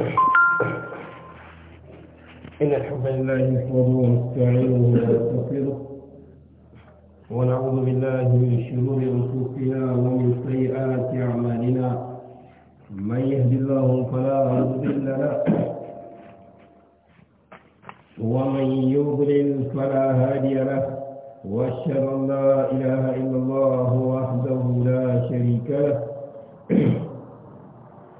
إن الحمد لله نحمده ونستعينه ونستغفره ونعوذ بالله من شرور أنفسنا ومن سيئات أعمالنا من يهد الله فلا مضل له ومن يضلل فلا هادي له واشهد ان لا اله الا الله وحده لا شريك له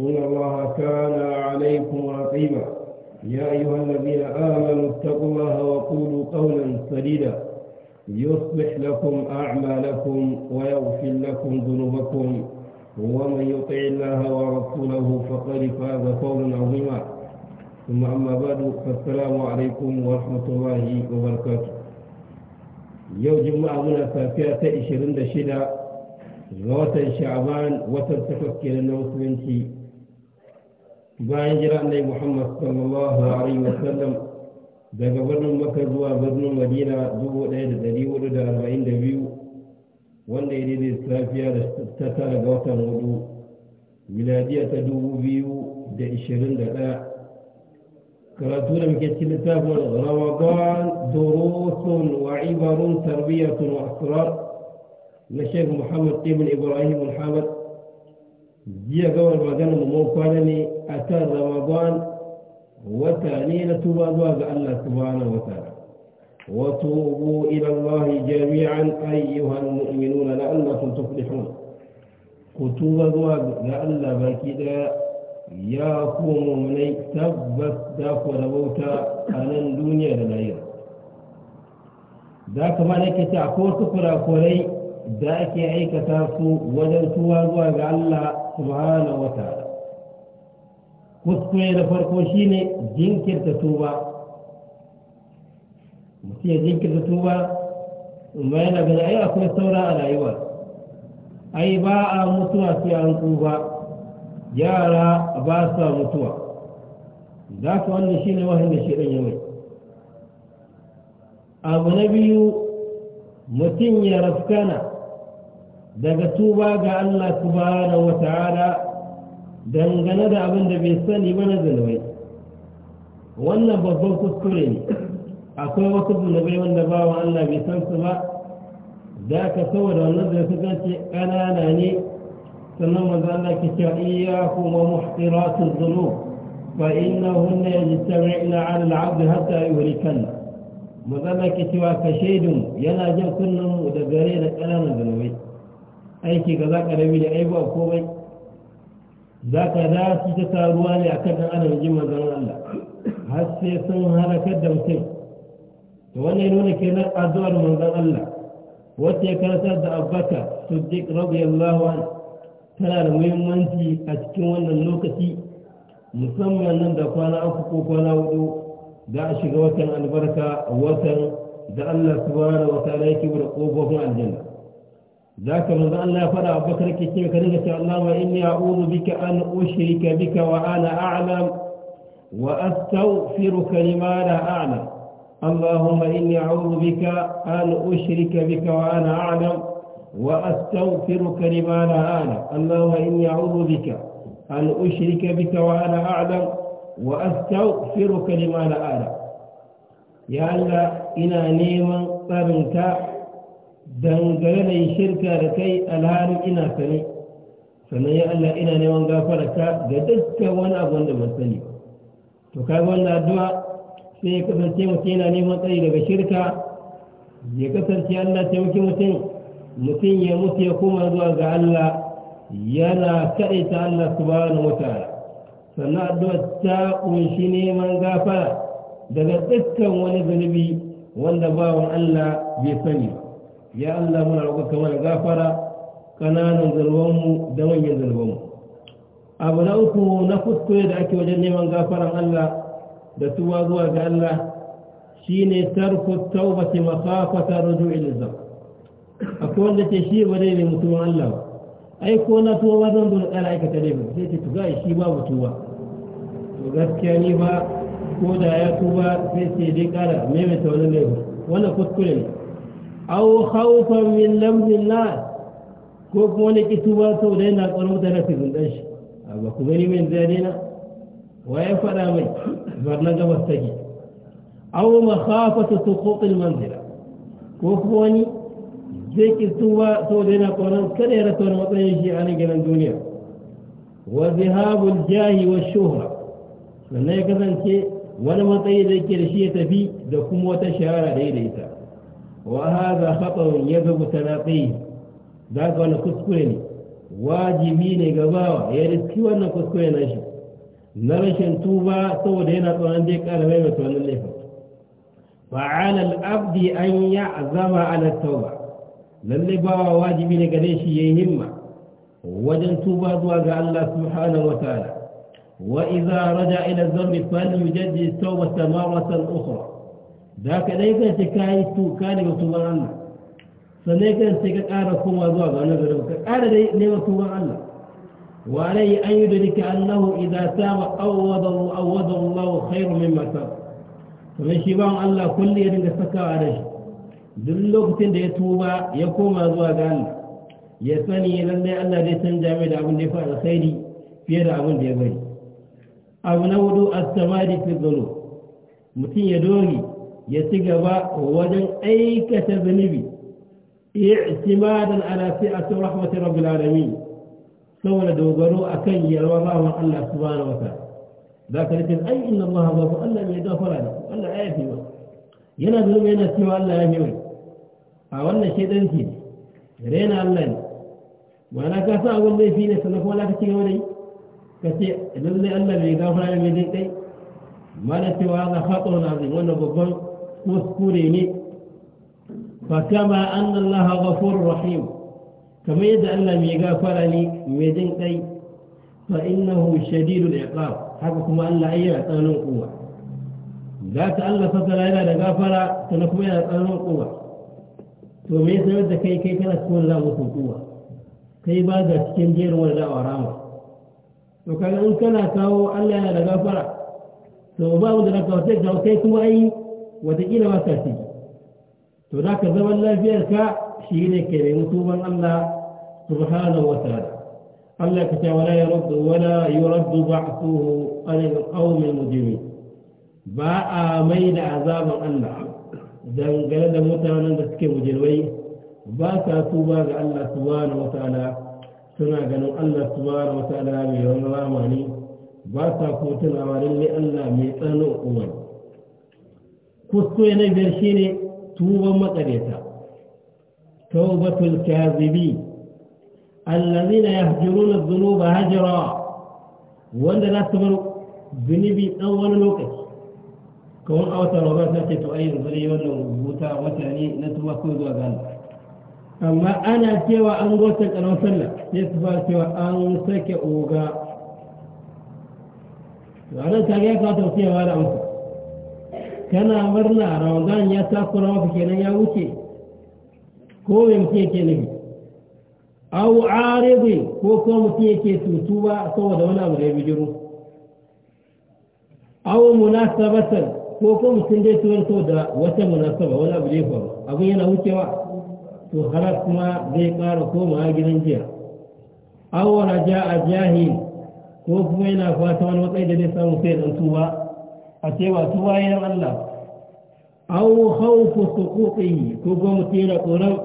إن الله كان عليكم رقيبا يا أيها الذين آمنوا اتقوا الله وقولوا قولا سديدا يصلح لكم أعمالكم ويغفر لكم ذنوبكم ومن يطع الله ورسوله فقد فاز قولا عظيما ثم أما بعد فالسلام عليكم ورحمة الله وبركاته يوم جمعة من safiya ta 26 ga watan sha'aban watan bayan jira annai muhammad sallallahu alaihi wasallam daga birnin maka zuwa birnin madina dubu ɗaya da ɗari hudu da arba'in da biyu wanda ya daidai safiya da ta tara ga watan hudu miladiya ta dubu biyu da ishirin da ɗaya karatu da muke cikin littafin rawagan durusun wa ibarun tarbiyyatun wa asrar na shek muhammad ibn ibrahim muhammad jiya gawar magana mun kwana ne a kan ramadan wata ne na tuba zuwa ga Allah subhanahu wa ta'ala wa tubu ila Allah jami'an ayyuhal mu'minuna la'allakum tuflihun ku tuba zuwa ga Allah baki daya ya ku mu'minai tabbas da ku rabauta a nan duniya da lahira da kuma nake ta ko su kurakurai da ake aikata su wajen tuba zuwa ga Allah subhanahu wa ta'ala kuskure da farko shine jinkirta tuba mutum jinkirta tuba ba yana gani ai akwai saura a rayuwa ai ba a mutuwa sai an tuba yara ba sa mutuwa za ka wannan shine wahin da shirin yamai abu na biyu mutum ya raskana. daga tuba ga Allah subhanahu wa ta'ala dangane da abin da bai sani ba na zunubai wannan babban kuskure ne akwai wasu zunubai wanda ba wa Allah bai san su ba za ka saboda wannan da suka ce ƙanana ne sannan manzo Allah ke cewa iyyakum wa muhqiratul dhunub fa innahunna yajtami'na 'ala al-'abd hatta yuhlikanna manzo Allah ke cewa ka shaidun yana jin kunnen mu da gare da ƙananan zunubai aiki ga za ƙarami da ai a komai za ka za su ta taruwa ne a kan ɗan adam ji manzan Allah har sai sun harakar da mutum to wannan ya nuna kenan addu'ar manzan Allah wacce ya karantar da abbaka suddiq radiyallahu anhu tana da muhimmanci a cikin wannan lokaci musamman nan da kwana uku ko kwana hudu da a shiga watan albarka watan da Allah subhanahu wa ta'ala yake bude kofofin aljanna ذاك من الله فلا أبو بكر كتير كذلك الله وإني أعوذ بك أن أشرك بك وأنا أعلم وأستغفرك لما لا أعلم اللهم إني أعوذ بك أن أشرك بك وأنا أعلم وأستغفرك لما لا أعلم اللهم إني أعوذ بك أن أشرك بك وأنا أعلم وأستغفرك لما لا أعلم يا الله إنا نيما طرنك dangane da shirka da kai alhali ina sani sannan ya Allah ina neman gafararka ga dukkan wani abu da ban sani to kai wannan addu'a sai ya kasance mutum yana neman tsari daga shirka ya kasance Allah taimaki mutum mutum ya mutu ya koma zuwa ga Allah yana kaɗaita Allah subhanahu wa ta'ala sannan addu'a ta kunshi neman gafara daga dukkan wani zunubi wanda bawan Allah bai sani ba. ya Allah muna roƙon kamar gafara kananan zalwanmu da manyan zalwanmu abu na uku na kuskure da ake wajen neman gafaran Allah da tuwa zuwa ga Allah shine tarku taubati makhafata ruju'il zam akwai wanda ce shi ba dai mutumin Allah ba ai ko na tuwa ba zan zo na ƙara aikata ne ba sai ce tuga shi ba mutuwa. to gaskiya ni ba ko da ya tuba sai ce dai ƙara maimaita wani laifin wannan kuskure ne au khawfan min lamzin nas ko kuma wani kituba sau da yana tsaron da rafi zundan shi ba ku gani min zai daina wa ya faɗa mai bar na gabas take au makhafatu suqutil manzila ko kuma wani zai kituba sau da yana tsaron kada ya rasa wani matsayin shi a nan gidan duniya wa zihabul jahi wa shuhra sannan ya kasance wani matsayi da yake da shi ya tafi da kuma wata shahara da ya da ita وهذا خطر يجب تلاقيه ذاك وانا كسكولي wajibi ne ga bawa ya riski wannan kuskure na shi na rashin tuba saboda yana tsoron zai kara mai mai tsoron laifin fa'ala al'abdi an ya azama ala tauba lalle bawa wajibi ne gare shi yayi himma wajen tuba zuwa ga Allah subhanahu wa ta'ala wa idza raja ila dhanbi falyujaddid tawbatan marratan ukhra da ka dai kan ce ka yi tuka daga tuban Allah sannan ka ce ka ƙara koma zuwa ga wani gari ka ƙara dai neman tuban Allah wa rai an yi da rike Allahu idan sama awwada awwada Allah khairu mimma sab kuma shi ban Allah kulli ya dinga sakawa da shi duk lokacin da ya tuba ya koma zuwa ga Allah ya sani lallai Allah zai canja mai da abin da ya fi alkhairi fiye da abin da ya bari abu na hudu as-samadi fi dhunub mutum ya doge ya ci gaba wajen aikata zunubi i'timadan ala fi'ati rahmati rabbil alamin saboda dogaro akan yalwar rahman Allah subhanahu wa ta'ala za ka rikin ai inna Allah ba ku Allah mai gafara ne Allah ya yafi wa yana zunubi yana cewa Allah ya fi yafi a wannan shedan ce rena Allah ne ma'ana ka sa abin laifi ne sannan kuma za ka ci gaba da yi ka ce lallai Allah mai gafara da mai jin kai mana cewa za ka tsawon azim wannan babban uskure ne fa kama anna allaha ghafurur rahim kama yadda Allah mai gafara ne mai jin kai fa innahu shadidul iqab haka kuma Allah ayya tsananin kuwa Za ta Allah fa sala yana da gafara tana kuma yana tsananin kuwa to me yasa yadda kai kai kana cikin zamu kuwa kai ba ga cikin jerin da warama to kaga in kana kawo Allah yana da gafara to ba mu da kawo sai kai kuma ai Watakila ba sa ciki to za ka zaman lafiyarka shi ne ka nemi tuban Allah subhanahu wa ta'ala Allah ka ce wala yuraddu wala yuraddu ba'thuhu an al-qawm al-mujrimin ba a mai da azaban Allah dangane da mutanen da suke mujirmai ba sa tuba ga Allah subhanahu wa ta'ala suna ganin Allah subhanahu wa ta'ala mai yawan rama ne ba sa ko tunawa lalle Allah mai tsano umarni kuskure na biyar shi ne tuban matsareta taubatul kazibi allazina ya hajjiruna zunuba hajjirawa wanda za su zunubi ɗan wani lokaci kawon a wata ta ce to ayin zuri wannan rubuta mutane na tuba ko zuwa gani amma ana cewa an gosa ƙarar sallah sai su fara cewa an sake oga ranar ta gaya ta tausiyawa da amsa kana murna ramadan ya tafi rawa kenan ya wuce ko me mutum yake nufi au aridi ko kuma mutum yake tutuwa saboda wani abu da ya bijiro au munasabatan ko kuma mutum dai tuwar saboda wata munasaba wani abu da ya faru abin yana wucewa to halar kuma zai ƙara komawa gidan jiya au raja a jahil ko kuma yana fata wani matsayi da zai samu sai dan tuba a cewa su wayan Allah au haufu suƙuƙi ko gwamnati da tsoron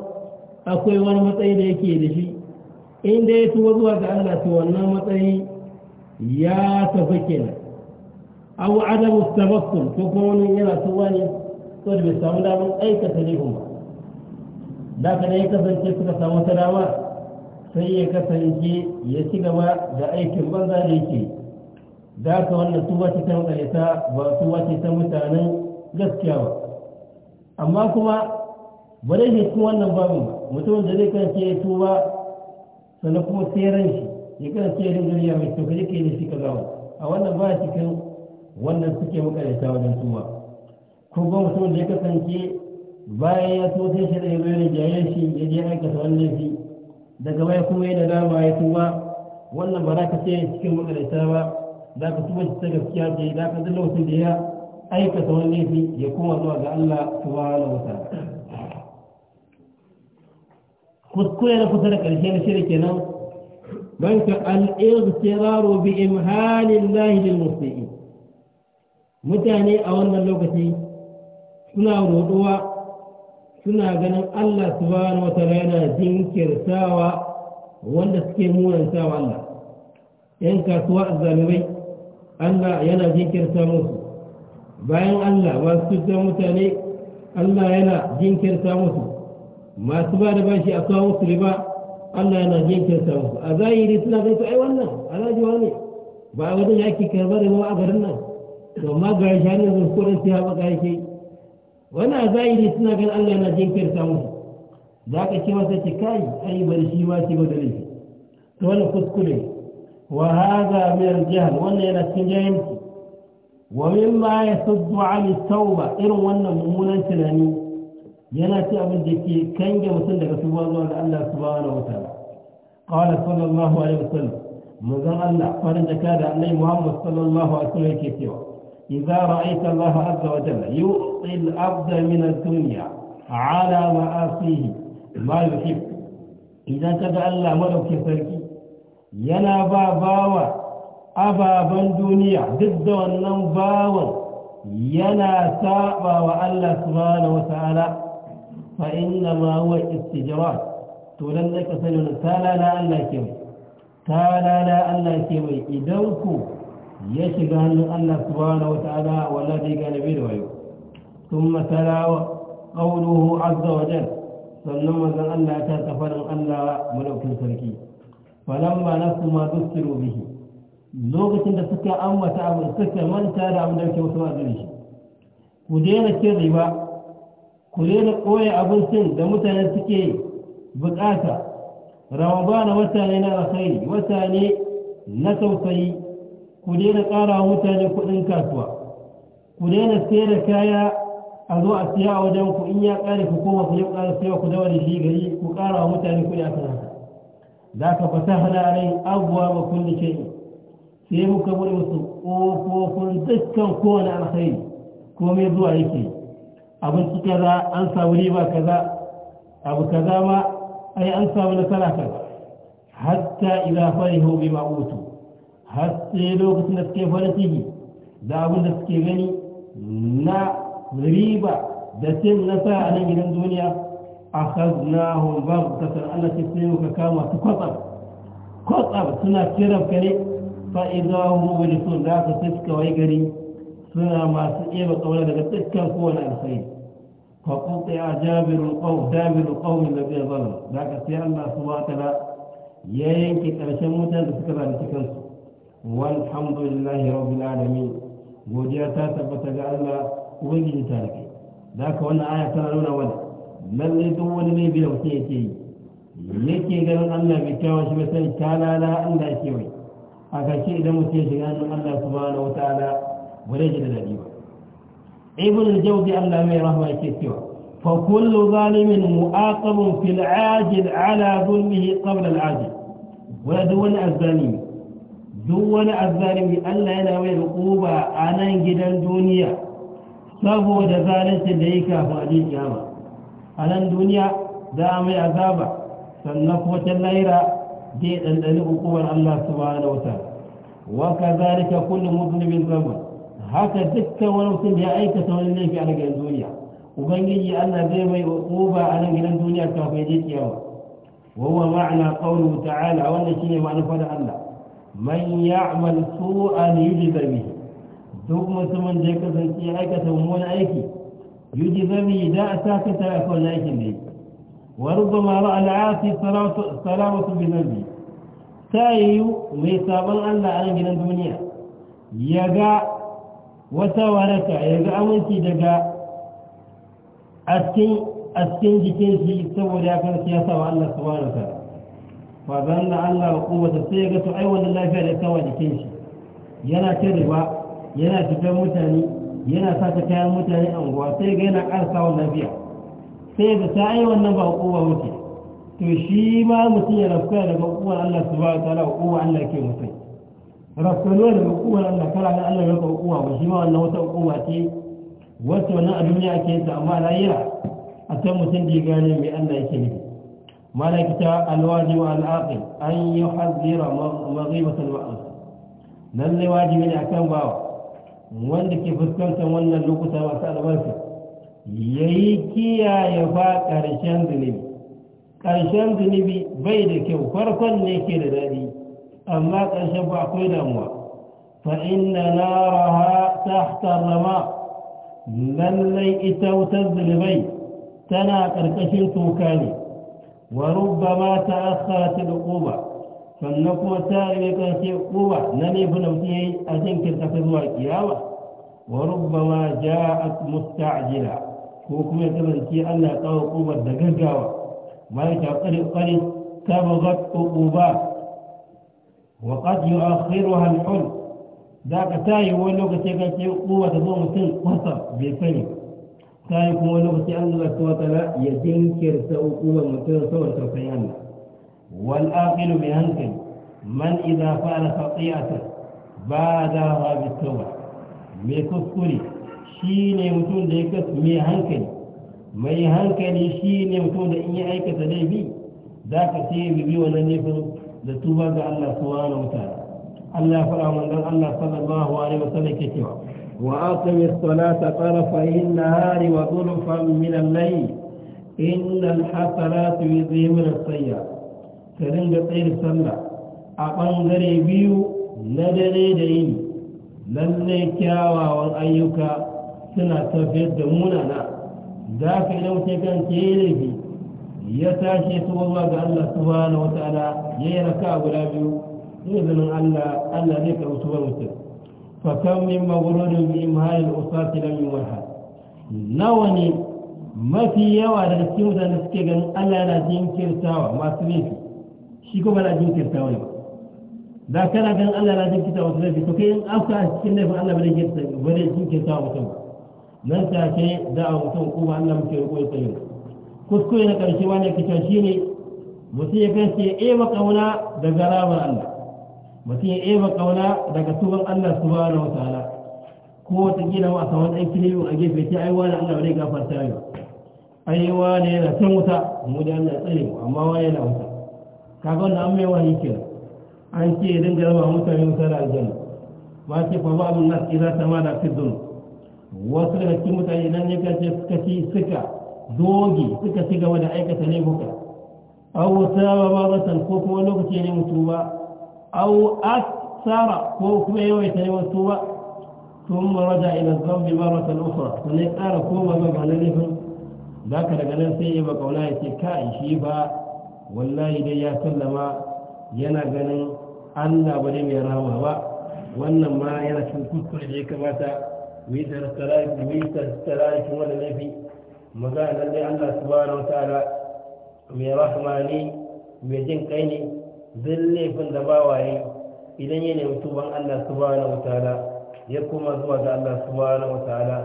akwai wani matsayi da yake da shi inda ya tuwa zuwa ga Allah su wannan matsayi ya tafi kenan au adamu tabakkul ko kuma wani yana su wani, ko da bai samu damar aikata ne ba da ka da ya kasance suka samu ta sai ya kasance ya ci gaba da aikin banza da yake da aka wannan tuba ce ta makalita ba tuba ce ta mutanen gaskiya ba amma kuma ba zai cikin wannan babin ba mutum da zai kan ce tuba sannan kuma tseren shi ya kan ce yin duniya mai kyau kaje ke ne shi ka gawa a wannan ba cikin wannan suke makalita wajen tuba ko ba mutum da ya kasance bayan ya so sai shi da ya zo ya jayen shi ya je aikata wannan shi daga baya kuma yana dama ya tuba wannan ba za ka ce cikin makalita ba za ka tuba ta gaskiya ce za ka duk lokacin da ya aikata wani laifi ya koma zuwa ga Allah subhanahu wa ta'ala kuskure na kusa da ƙarshe na shirya kenan don ka al'irtiraru bi imhanin lahilin musulmi mutane a wannan lokaci suna roɗuwa suna ganin Allah subhanahu wa ta'ala yana jinkirtawa wanda suke munantawa Allah ‘yan kasuwa a Allah yana jinkirta musu bayan Allah masu cutar mutane Allah yana jinkirta musu masu ba da bashi a kawo su riba Allah yana jinkirta musu a zahiri suna zai ta ai wannan alhaji wani ba a wajen yaki karɓar riba a garin nan to amma ga shi hannun zai kodin sai haɓa ga yake wani a zahiri suna gan Allah yana jinkirta musu za ka ce masa ce kai ai bari shi ma ce ba da laifi to wani kuskure وهذا من الجهل وانا نتجاهل ومما يصد عن التوبة إن وانا مؤمنا تناني يناتي أبن دكي كان جمسن لك سبحانه الله سبحانه وتعالى قال صلى الله عليه وسلم مزن الله فرن جكاد أني محمد صلى الله عليه وسلم كتوى إذا رأيت الله عز وجل يؤطي الأبد من الدنيا على معاصيه ما يحب إذا تدعى الله ملك سركي yana ba bawa ababen duniya duk da wannan bawan yana saba wa Allah subhanahu wata'ala fa inna ma huwa istijara to dan da ka sani wannan talala Allah ke mai talala Allah ke mai idan ku ya shiga hannun Allah subhanahu wata'ala wallahi zai gane bai da wayo ثم تلا قوله عز وجل sannan manzon Allah ta tafarin Allah mulkin sarki falamma nasu ma dukiru bihi lokacin da suka ambata abu suka manta da abin da ke wasu azuri shi ku daina cin riba ku daina koya abincin da mutane suke bukata Rawa wata ne na alkhairi wata na tausayi ku daina ƙara wa mutane kuɗin kasuwa ku daina sayar da kaya a zo a siya a wajen ku in ya kare ku koma ku yi ƙara siya ku dawo da shi gari ku ƙara wa mutane kuɗi a kan za ka fasahana rai abuwa ba kulle shayi sai muka buɗe musu ƙofofin dukkan kowane alkhairi komai zuwa yake abinci kaza an samu riba kaza abu kaza ma ai an samu nasara kaza hatta ila farihu bima utu har sai lokacin da suke fara ciki da abin da suke gani na riba da cin nasara a nan gidan duniya أخذناهم بغتة أن تسيوك كما تقطر قطر سنة كرب كني فإذا هم مبلسون ذات تسك ويقري سنة ما سئيب قولا لك تسك الخير فقلت يا جابر القوم دابر القوم الذي ظلم ذاك سيئا ما سواك لا يينك ترشموتا تسكرا لتكنس والحمد لله رب العالمين وجاتا تبتغى الله وجدتا لك ذاك وانا آية تنالونا ولد lalle duk wani laifi da mutum yake yi yake ganin Allah bai kyawa shi ba sai talala Allah yake mai a kace idan mutum ya shiga hannun Allah subhanahu wataala ba zai ji da dadi ba ibn al-jawzi Allah mai rahma yake cewa fa kullu zalimin mu'aqabun fil ajil ala zulmihi qabla al-ajil wala duk wani azzalimi duk wani azzalimi Allah yana mai hukuba a nan gidan duniya saboda zalincin da yake kafin a kiyama a nan duniya za a mai azaba sannan kuma can naira, zai ɗanɗani hukumar Allah subhanahu wa ta'ala wa kazalika kullu muslimin zama haka dukkan wani mutum da ya aikata wani laifi a nan duniya ubangiji Allah zai mai uba a nan gidan duniya kafin ya kiyawa wa huwa ma'ana qawluhu ta'ala wannan ne ma'anar fadin Allah man ya'mal su'an yi bihi duk mutumin da ya kasance ya aikata wani aiki يجب به داء ساكتا أقول لا يجب وربما رأى العاصي سلامة بذنبه تايو ميسابا ألا أنا من الدنيا يقع وتورك يقع أمنتي دقاء أسكن أسكن جكنشي سوى لأكل سياسة وألا سبحانه وتعالى فظن الله وقوة سيقة أيوة لله فعل سوى جكنشي ينا كذبا yana fitar mutane yana sa ta kayan mutane a unguwa. sai ga yana ƙarsa wannan biya sai da ta yi wannan ba hukuwa mutu to shi ma mutum ya rafka daga hukuwar Allah su ba ta ala hukuwa Allah ke mutum rafkanuwa daga hukuwar Allah kala na Allah ya hukuwa ba shi ma wannan wata hukuwa ce wacce wannan a duniya ake ta amma lahira a can mutum da ya gane mai Allah yake nufi malakita alwaji wa al'aqil an yi hazira maghibatan wa'as lallai wajibi ne akan bawa wanda ke fuskantar wannan lokuta masu albarka ya yi kiyaye fa ƙarshen zunubi ƙarshen zunubi bai da kyau farkon ne ke da daɗi amma ƙarshen ba akwai damuwa inna na raha ta tarrama lallai ita wutar zunubai tana ƙarƙashin toka ne wa rubba ma ta asara ta da ƙoba sannan kuma tare ne kan sai kowa na laifin da mutum ya yi a jinkirta ta zuwa kiyawa wa ma ja rubbama ja'at musta'jila ko kuma ya kasance Allah ya kawo kubar da gaggawa bayan ta kare kare ta bugat ba. wa qad yu'akhiruha al-hul Za ka tayi wani lokaci kan ce kowa ta zo mutum kwasa bai sani Ta yi kuma wani lokaci Allah subhanahu wa ta'ala ya jinkirta hukumar mutum saboda tausayin Allah والآقل بأنكم من إذا فعل خطيئة بادرها بالتوبة ميكفكري شيني متون ديكت ميهنكن ميهنكن شيني متون إني أيكة دي بي ذاك سيئ ببي ونجفر لتوبة الله سبحانه وتعالى الله فلا من دل الله صلى الله عليه وسلم كتوا وآقم الصلاة طرف النهار وظلفا من الليل إن الحسنات يظهر السيئات ta dinga tsaye sallah a ɓangare biyu na dare da yini lallai kyawawan ayyuka suna tafiyar da munana za ka idan wuce kan ke laifi ya tashi su zuwa ga Allah subhanahu wa ta'ala ya yi raka guda biyu izinin Allah Allah zai karɓi tubar mutum fa kam min maghrurin bi imhal usati lam yuwaha nawa ne mafi yawa daga cikin mutane suke ganin Allah yana jinkirtawa masu laifi shi ko ba za a jinkirta wani ba da kana ganin Allah na jinkirta wasu laifi to kai in afka a cikin laifin Allah bai jinkirta ba zai jinkirta mutum nan ta ce da a mutum ko ba Allah muke roƙo ya tsaye kuskure na ƙarshe wani kita shi ne mutum ya kai ya ba kauna daga ramar Allah mutum ya ba kauna daga tuban Allah subhanahu wa ta'ala ko wata gina ma a saman ɗan kiliyu a gefe ta aiwa da Allah bane gafarta yau aiwa ne yana can wuta mu da Allah ya tsare mu amma wa yana wuta kaga wanda an mai wahayi ke an ce ya dinga zama mutane mutane aljanna ba ce fa ba abun nas ta sama da fiddun wasu daga cikin mutane nan ne kace suka ci suka doge suka ci gaba da aikata laifuka aw saba san ko kuma lokaci ne mutu ba aw aksara ko kuma yawaita ne mutu ba ثم رجع إلى nufin? مرة أخرى daga nan sai ما بعد ذلك ya ce ka وقولا shi ba. wallahi dai ya sallama yana ganin allah ba dai mai rama ba wannan ma yana cin kuskure da ya kamata mu yi tsarki wani laifi maza a lallai allah na wata ala mai rahama ne mai jin kai ne zan laifin da ba waye. idan ya nemi tuban allah su na wata ala. ya kuma zuwa ga allah su na wata ala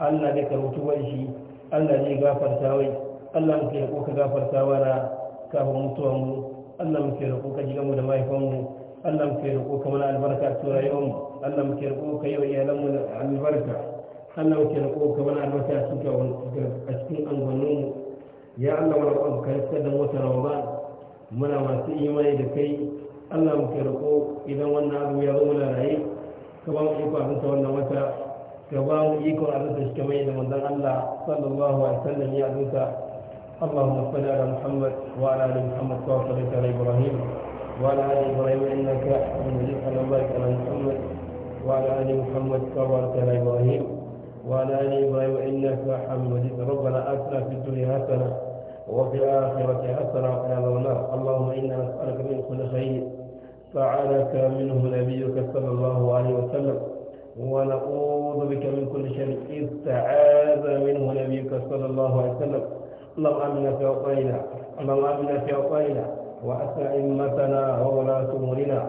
allah ne karbi tuban shi allah ne gafarta wai allah muke da kuka gafarta mana kafin mutuwan mu Allah muke roƙo ka jiga mu da mahaifan mu Allah muke roƙo ka mana albarka a turayen mu Allah muke roƙo ka yi wa iyalan mu albarka Allah muke roƙo ka mana albarka a cikin angonin mu ya Allah wani roƙon ka rikar da wata Ramadan muna masu imani da kai Allah muke roƙo idan wannan abu ya zo muna raye ka ba mu iko a rinta wannan wata ka ba mu iko a rinta shi kamar yadda manzon Allah sallallahu alaihi wasallam ya rinta اللهم صل على محمد وعلى ال محمد كما صليت على ابراهيم وعلى ال ابراهيم انك حميد مجيد اللهم بارك على محمد وعلى ال محمد كما باركت على ابراهيم وعلى ال ابراهيم انك حميد مجيد ربنا اتنا في الدنيا حسنه وفي الاخره حسنه وقنا عذاب النار اللهم انا نسالك من كل خير فعلك منه نبيك صلى الله عليه وسلم ونعوذ بك من كل شر استعاذ منه نبيك صلى الله عليه وسلم اللهم امنا في اوطاننا اللهم امنا في اوطاننا واسع امتنا وولاة امورنا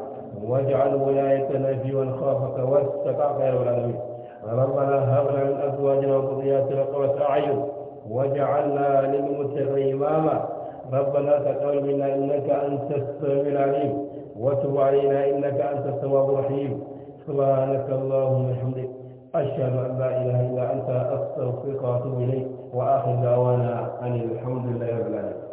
واجعل ولايتنا في من خافك واتقاك يا رب العالمين ربنا هب لنا من ازواجنا وذرياتنا قرة اعين واجعلنا للمتقين اماما ربنا تقبل منا انك انت السميع العليم وتب علينا انك انت التواب الرحيم سبحانك اللهم وبحمدك أشهد أن لا إله إلا أنت أستغفرك وأتوب إليك وآخر دعوانا أن الحمد لله رب العالمين